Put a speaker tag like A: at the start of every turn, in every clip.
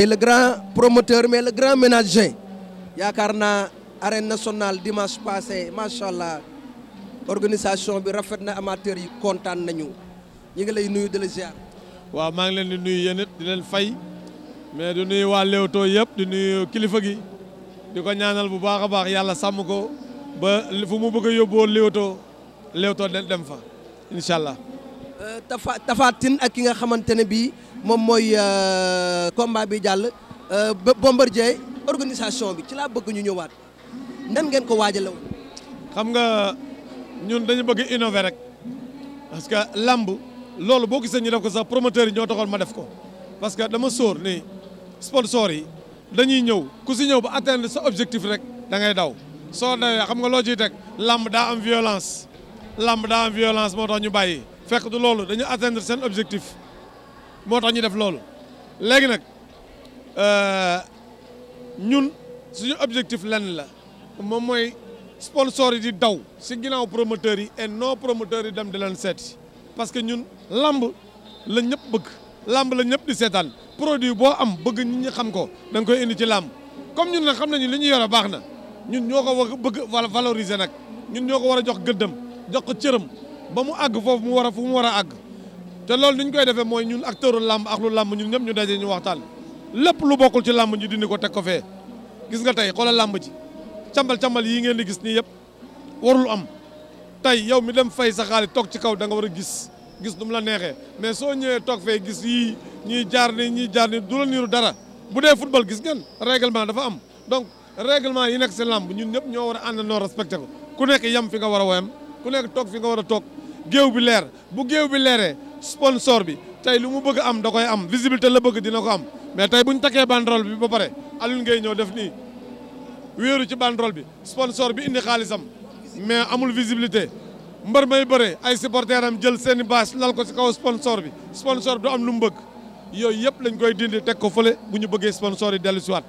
A: mais le grand promoteur mais le grand ménager yaakaar naa arène nationale dimanche passé macha allah organisation bi rafet na amateur yi kontaan nañu ñu ngi lay nuyu di la ziar. waaw maa ngi leen di nuyu yéen it di leen fay mais di nuyu waa Leewtoo yëpp di nuyu kilifa gi di ko ñaanal bu baax a baax yàlla sàmm ko ba fu mu bëgg a yóbboo Leewtoo Leewtoo dem fa incha allah. Tafa Tapha ak ki nga xamante ne bii moom mooy euh, combat bi jàll euh, ba Bombardier organisation bi ci laa bëgg ñu ñëwaat nan ngeen ko waajal woon. xam nga ñun dañu bëgg innover rek parce que lamb loolu boo gisee ñu def ko sax promoteur yi ñoo taxoon ma def ko parce que dama sóor ni sponsor yi dañuy ñëw ku si ñëw ba atteindre sa objectif rek da ngay daw soo dawee xam nga loo ciy rek làmb daa am violence lamb daa am violence moo tax ñu bàyyi. fekk du loolu dañu atteindre seen objectif moo tax ñu def loolu léegi nag euh, ñun suñu objectif lenn la moom mooy sponsor yi di daw si ginnaaw promoteurs yi et non promoteurs yi dem di leen seeti parce que ñun làmb la ñëpp bëgg lamb la ñëpp di seetaan produit boo am bëgg nit ñi xam ko da koy indi ci làmb comme ñun nag xam nañu li ñu yore baax na ñun ñoo ko bëgg valoriser nag ñun ñoo ko war a jox gëddam jox ko cëram ba mu àgg foofu mu war a fu mu war a àgg te loolu ni ñu koy defee mooy ñun acteuru làmb ak lu làmb ñun ñëpp ñu daje ñu waxtaan lépp lu bokkul ci làmb ñu dindi ko teg ko fee gis nga tey xoolal làmb ji cambal cambal yii ngeen di gis nii yëpp warul am tey yow mi dem fay sa xaalis toog ci kaw da nga war a gis gis nu la neexee mais soo ñëwee toog fee gis yii ñuy jaar ni ñuy jaar ni du la niiru dara bu dee football gis ngeen règlement dafa am donc règlement yi nekk si ñun ñëpp ñoo war a àndandoo respecté ko ku nekk yem fi nga war a woyam ku nekk toog fi nga war a toog géew bi leer bu géew bi leeree sponsor bi tey lu mu bëgg am da koy am visibilité la bëgg dina ko am mais tey bu ñu takkee banderole bi ba pare Alioune ngay ñëw def nii wéeru ci banderole bi sponsor bi indi xaalisam mais amul visibilité mbër may bëre ay supporters am jël seeni i bâche lal ko ci kaw sponsor bi sponsor du am lu mu bëgg yooyu yëpp lañ koy dindi teg ko fole bu ñu bëggee sponsor yi dellu si waat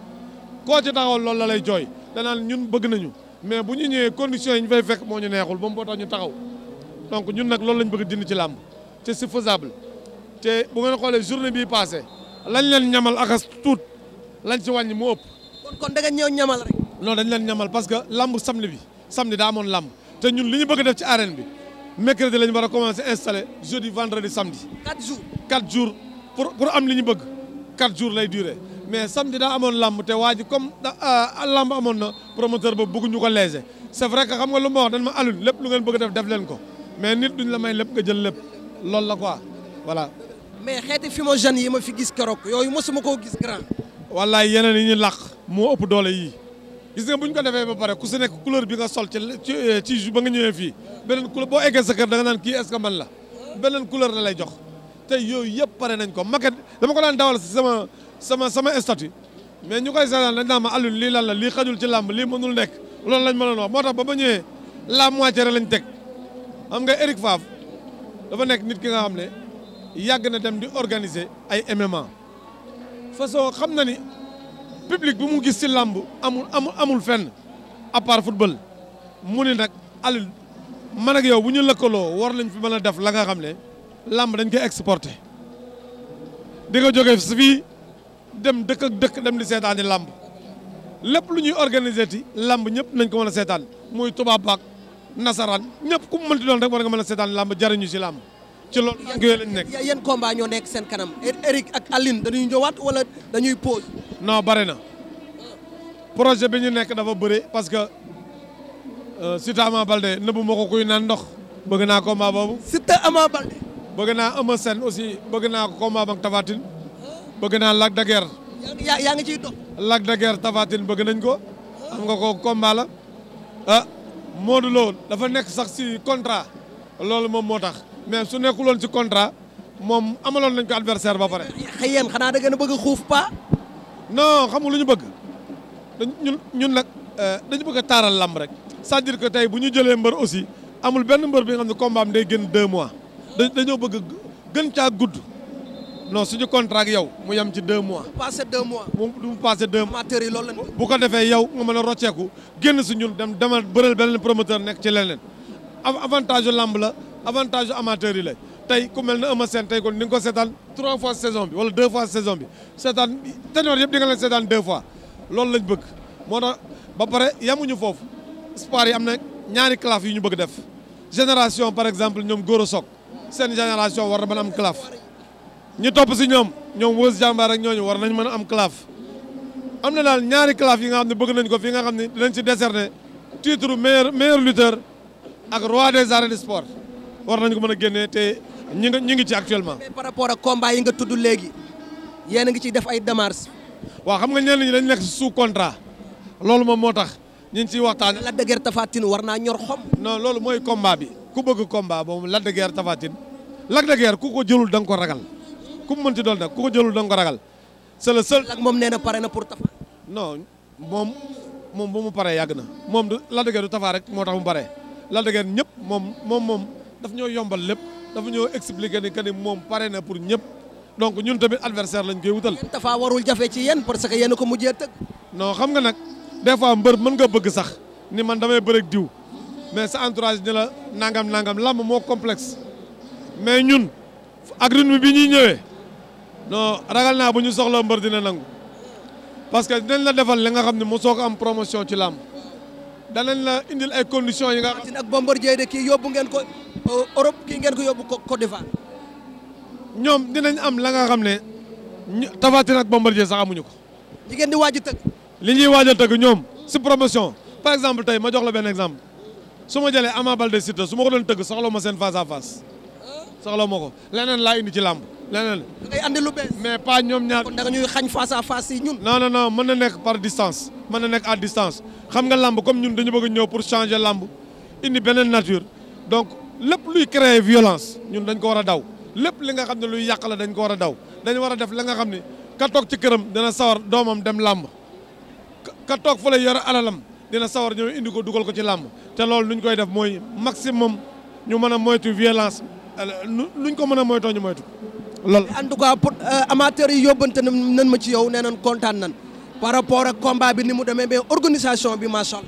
A: koo ci taxaw loolu la lay jooy naan ñun bëgg nañu mais bu ñu ñëwee conditions yi ñu fay fekk moo ñu neexul ba mu boo ñu taxaw donc ñun nag loolu lañ bëgg dindi ci làmb te c'est faisable xoolee journée bii passé lañ leen ñamal akas tuut lañ ci wàññi mu ëpp. kon da nga ñëw ñamal rek. non dañ leen ñamal parce que làmb samedi bi samedi daa amoon làmb te ñun li ñu bëgg def ci arène bi mercredi lañ war a commencer installer jeudi vendredi samedi. 4 jours 4 pour pour am ñu bëgg 4 jours lay durer mais samedi daa amoon làmb te waa ji comme euh, làmb amoon na promoteur boobu bëgguñu ko léser c'est vrai que xam nga lu ma wax dañ ma alul lépp lu ngeen bëgg def def leen ko. mais nit duñ la may lépp nga jël lépp loolu la quoi voilà. mais xeeti fumogène yi ma fi gis keroog yooyu mosuma koo gis grand. wallaay yeneen yi ñu làq moo ëpp doole yi gis nga bu ñu ko defee ba pare ku si nekk couleur bi nga sol ci ci ci nga ñëwee fii beneen couleur boo eggee sa kër da nga naan kii est-ce man la beneen couleur la lay jox te yooyu yëpp pare nañ ko maquette dama ko daan dawal si sama sama sama statut mais ñu koy seetaan dañ naan ma lii lan la lii xajul ci làmb lii mënul nekk loolu lañ mënoon wax moo tax ba ma ñëwee la moitié lañ teg. xam nga Eric Favre dafa nekk nit ki nga xam ne yàgg na dem di organiser ay MMA façon xam na ni public bu mu gis si làmb amul amul amul fenn à part football mu ni nag Aliou man ak yow bu ñu lëkkaloo war lañ fi mën a def la nga xam ne làmb dañ koy exporté di nga jóge si fii dem dëkk dëkk dem di seetaan di làmb lépp lu ñuy organiser ti làmb ñëpp nañ ko mën a seetaan muy tubaab nasaraan ñëpp ku mu mënti doon rek war nga mën seetaan làmb jariñu si làmb ci loolu tànk yooyu lañ nekk yan combat ñoo nekk seen kanam Eric ak Aline dañuy ñëwaat wala dañuy pause non bare na projet bi ñu nekk dafa bëri parce que euh, Sita Ama Balde nëbbu ma ko kuy naan ndox bëgg naa combat boobu Sita Ama Balde bëgg naa Ama seen aussi bëgg naa ko combat ak Tapha bëgg naa Lac de yaa ngi ciy dox Lac de Guiers bëgg nañ ko xam nga ko combat moo Modou loolu dafa nekk sax si contrat loolu moom moo tax mais su nekkuloon si contrat moom amaloon nañ ko adversaire ba pare. xëy xanaa da ngeen bëgg a xuuf pa non xam lu ñu bëgg dañ ñun ñun nag euh, dañu bëgg a taaral làmb rek c'est-à-dire que tey bu ñu jëlee mbër aussi amul benn mbër bi nga xam ne combat am day gën deux mois dañoo bëgg gën caa gudd. non suñu contrat ak yow mu yem ci deux mois. mu mois. mu mu passé mois. yi loolu lañ bu ko defee yow nga mën a rocceeku génn si ñun dem demal bëral beneen promoteur nekk ci leneen avantage lamb la avantage amateur yi la tey ku mel ne Eumeu Sène tey kon ni nga ko seetaan trois fois saison bi wala deux fois saison bi seetaan ténor yëpp di nga leen seetaan deux fois loolu lañ bëgg moo tax ba pare yamuñu foofu sport yi am na ñaari claf yu ñu bëgg def génération par exemple ñoom Goro Sock seen génération war na mën am claf. ñu topp si ñoom ñoom wës jàmbaar ak ñooñu war nañ mën a am claf am na daal ñaari claf yi nga xam ne bëgg nañ ko fi nga xam ne dinañ ci décerner titre meilleur meilleur lutteur ak roi des arènes de sport war nañ ko mën a génnee te ñi nga ñi ngi ci actuellement. par rapport ak combat yi nga tuddu léegi yéen a ngi ciy def ay démarches. waa xam nga ñenn ñi dañ nekk sous contrat loolu moom moo tax ñu ngi ciy waxtaan. Lac de Guiers Tapha Tine war naa ñor xom. non loolu mooy combat bi ku bëgg combat boobu Lac de Guiers Tapha Tine Lac de Guiers ku ko jëlul da nga ko ragal. ku mën mënti doon nag ko ko jëlul da nga ko ragal. c'est ak moom nee na pare na pour Tapha. non moom moom bu mu paree yàgg na moom du Lac de Guiers du Tapha rek moo tax mu paree Lac de Guiers ñëpp moom moom moom daf ñoo yombal lépp dafa ñëw expliquer ni que ni moom pare na pour ñëpp donc ñun tamit adversaire lañ koy wutal. Tapha warul jafe ci yéen parce que yéen ko mujjee tëgg. non xam nga nag des fois mbër mën nga bëgg sax ni man damay bëreeg diw mais sa entourage ni la nangam nangam làmb moo complexe mais ñun ak rythme bi ñuy ñëwee. non ragal naa bu ñu soxla mbër dina nangu parce que dinañ la defal li nga xam ne mosoo ko am promotion ci làmb danañ la indil ay conditions yi nga. xam ak de kii yóbbu ngeen ko euh, Europe kii ngeen ko yóbbu Côte d'Ivoire. ñoom dinañ am la nga xam ne ñu Tapha Tine ak Bombardier sax amuñu ko. ñi ngeen di waaj a tëgg. li ñuy waaj a ñoom si promotion par exemple tey ma jox la benn exemple su ma jëlee Ama Baldé Siteu su ma ko doon tëgg soxla ma seen face à face soxla ma ko leneen laa indi ci làmb. leneen ngay lu bees mais pas ñoom ñaar kon da nga ñuy xañ face à face yi ñun. non non non mën na nekk par distance mën na nekk à distance xam nga làmb comme ñun dañu bëgg ñëw pour changer làmb indi beneen nature donc lépp luy créer violence ñun dañ ko war a daw lépp li nga xam ne luy yàq la dañ ko war a daw dañ war a def la nga xam ne ka toog ci këram dina sawar doomam dem làmb ka toog fa la yore alalam dina sawar ñëw indi ko dugal ko ci làmb te loolu lu ñu koy def mooy maximum ñu mën a moytu violence luñ euh, ko mën a moytoo ñu moytu loolu en tout cas euh, amateurs yi yóbbante nan ma ci yow nee nan kontaan nan par rapport ak combat bi ni mu demee mais organisation bi macha allah.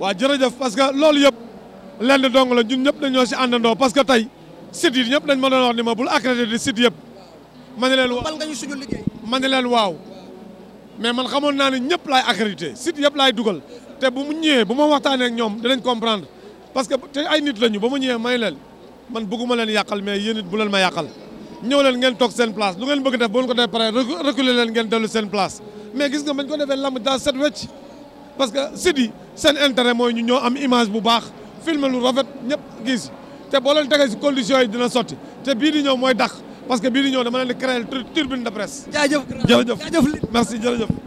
A: waaw jërëjëf parce que loolu yëpp lenn dong la ñun ñëpp dañoo si àndandoo parce que tey site yëpp ñëpp dañ ma doon wax ni ma bul accrédité di site yëpp. ma ne leen waaw nga ñu suñu liggéey. ma ne leen waaw mais man xamoon naa ne ñëpp laay accrédité site yëpp laay dugal te bu mu ñëwee bu ma waxtaanee ak ñoom dinañ comprendre parce que te ay nit lañu ba ma ñëwee may leen man bëgguma leen yàqal mais yéen it bu leen ma yàqal. ñëw leen ngeen toog seen place lu ngeen bëgg def bu ko def pare reculer leen ngeen dellu seen place mais gis nga bañ ko defee lamb daa set wecc parce que sit seen intérêt mooy ñu ñoo am image bu baax filmer lu rafet ñëpp gis te boo leen tegee yi dina sotti te bii di ñëw mooy dàq parce que bii di ñëw dama leen di créer turbine de presse. jaajëf jërëjëf merci jërëjëf.